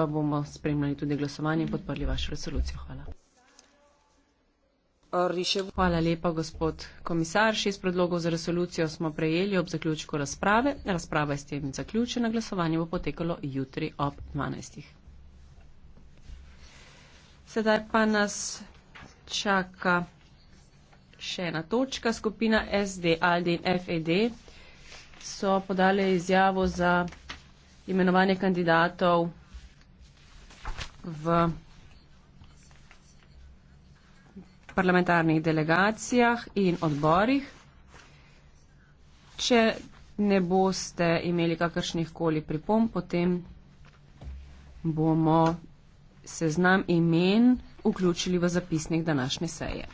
pa bomo spremljali tudi glasovanje in podprli vašo resolucijo. Hvala. Hvala lepa, gospod komisar. Šest predlogov za resolucijo smo prejeli ob zaključku razprave. Razprava je s tem zaključena. Glasovanje bo potekalo jutri ob 12. Sedaj pa nas čaka še ena točka. Skupina SD, ALDE in FED so podale izjavo za imenovanje kandidatov v parlamentarnih delegacijah in odborih. Če ne boste imeli kakršnih koli pripomb, potem bomo seznam imen vključili v zapisnik današnje seje.